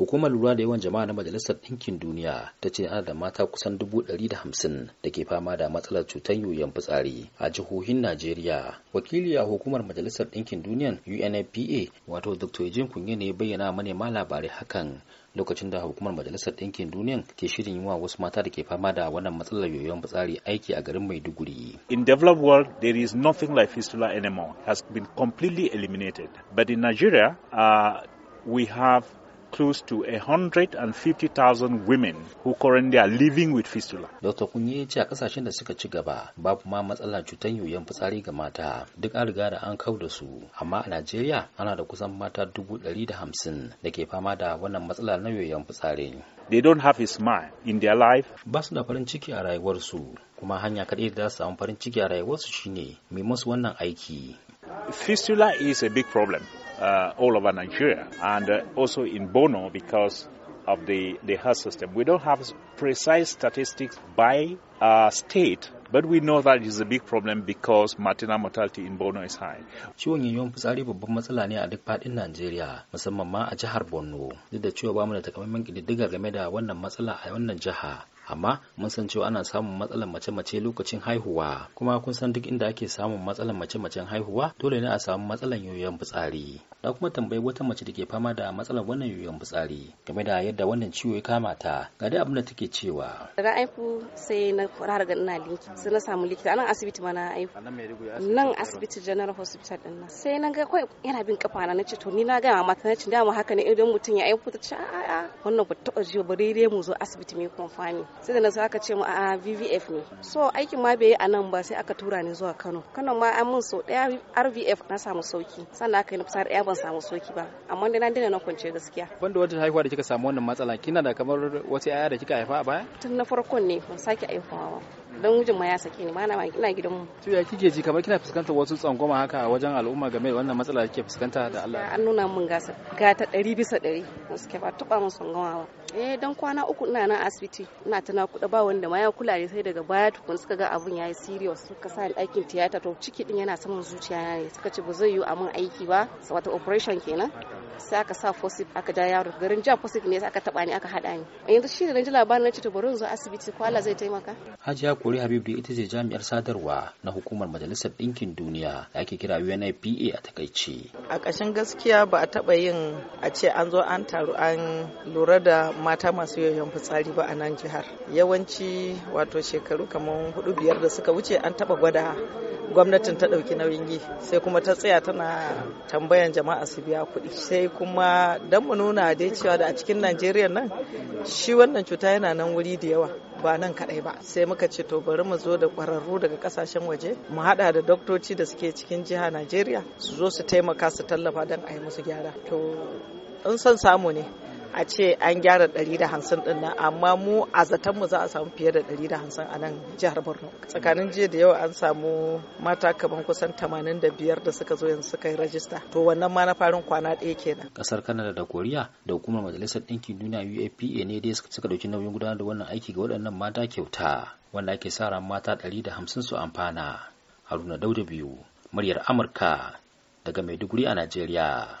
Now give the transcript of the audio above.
Hukumar lura da yawan jama'a na Majalisar Ɗinkin Duniya ta ce ana da mata kusan dubu ɗari da hamsin da ke fama da matsalar cutar yoyon fitsari a jihohin Najeriya. Wakili a hukumar Majalisar Ɗinkin Duniyan UNFPA wato Dr. Ejin Kunye ne bayyana manema labarai hakan lokacin da hukumar Majalisar Ɗinkin Duniyan ke shirin yi wa wasu mata da ke fama da wannan matsalar yoyon fitsari aiki a garin Maiduguri. In developed world there is nothing like fistula anymore has been completely eliminated but in Nigeria uh, we have close to 150,000 women who currently are living with fistula. Dr. Kunye ce a kasashen da suka ci gaba babu ma matsalar cutar yoyon fitsari ga mata duk an riga da an kau da su amma a Najeriya ana da kusan mata dubu ɗari da hamsin da ke fama da wannan matsala na yoyon fitsari. They don't have a smile in their life. Ba su da farin ciki a rayuwarsu kuma hanya kaɗai da za su samu farin ciki a rayuwarsu shine mai musu wannan aiki. Fistula is a big problem. uh, all over Nigeria and uh, also in Bono because of the, the health system. We don't have precise statistics by uh, state, but we know that it is a big problem because maternal mortality in Borno is high. Ciwon fitsari babban matsala ne a duk faɗin Najeriya, musamman ma a jihar Borno, duk da cewa ba mu da takamaiman game da wannan matsala a wannan jiha. amma mun san cewa ana samun matsalar mace-mace lokacin haihuwa kuma kun san duk inda ake samun matsalar mace-macen haihuwa dole ne a samu matsalar yoyon fitsari na kuma tambayi wata mace da ke fama da matsalar wannan yoyon fitsari game da yadda wannan ciwo ya kama ta ga dai abin da take cewa daga aifu sai na fara ga ina linki sai na samu likita anan asibiti ma na aifu nan asibiti general hospital din nan sai na ga kai yana bin kafa na nace to ni na ga mama ta nace dama haka ne idan mutum ya aifu ta ce a'a wannan ku taɓa jiwa bare mu zo asibiti mai konfami sai da na aka ce mu a vvf ne so aikin ma bai yi a nan ba sai aka tura ni zuwa kano kano ma an mun sau daya rvf na samu sauki sannan aka yi na fusar daya ban samu sauki ba amma dai na dina na kwance gaskiya banda wata haihuwa da kika samu wannan matsala kina da kamar wasu yaya da kika haifa a baya tun na farkon ne ban sake haihuwa don mijin ma ya sake ni mana ina gidan mu to ya kike ji kamar kina fuskantar wasu tsangwama haka a wajen al'umma game da wannan matsala kike fuskanta da Allah an nuna mun gasa ga ta 100 bisa 100 suke ba tuba mun tsangwama ba eh dan kwana uku ina nan asibiti ina tana kuɗa ba wanda ma ya kula ne sai daga baya tukun suka ga abun yayi serious suka sa ni aikin tiyata to ciki din yana saman zuciya ne suka ce ba zai yi a mun aiki ba wata operation kenan sai aka sa fosif aka ja yaro garin jiya fosif ne aka taba ni aka hada ni yanzu shi da ji labarin na ce to bari zo asibiti ko Allah zai taimaka Hajiya Kori habib da ita ce jami'ar sadarwa na hukumar Majalisar Dinkin Duniya da ake kira UNFPA a takaice a ƙashin gaskiya ba a taba yin a ce an zo an taru an lura da mata masu yoyon fitsari ba a nan jihar yawanci wato shekaru kamar hudu biyar da suka wuce an taba gwada gwamnatin ta ɗauki nauyin yi sai kuma ta tsaya tana tambayan jama'a su biya kuɗi sai kuma don mu nuna dai cewa da a cikin najeriya nan shi wannan cuta yana nan wuri da yawa ba nan kaɗai ba sai muka ce to bari mu zo da ƙwararru daga ƙasashen waje mu haɗa da doktoci da suke cikin jiha najeriya su zo su taimaka su tallafa don a yi musu gyara to in son samu ne a ce an gyara ɗari 150 din nan amma mu a zaton mu za a samu fiye da ɗari da 150 a nan jihar Borno tsakanin jiya da yau an samu mata kaman kusan 85 da suka zo yanzu suka yi rajista to wannan ma na farin kwana ɗaya kenan kasar Canada da Koriya da hukumar majalisar ɗinkin duniya UAPA ne dai suka dauki nauyin gudanar da wannan aiki ga waɗannan mata kyauta wanda ake sa ran mata 150 su amfana Haruna Dauda biyu muryar Amurka daga Maiduguri a Najeriya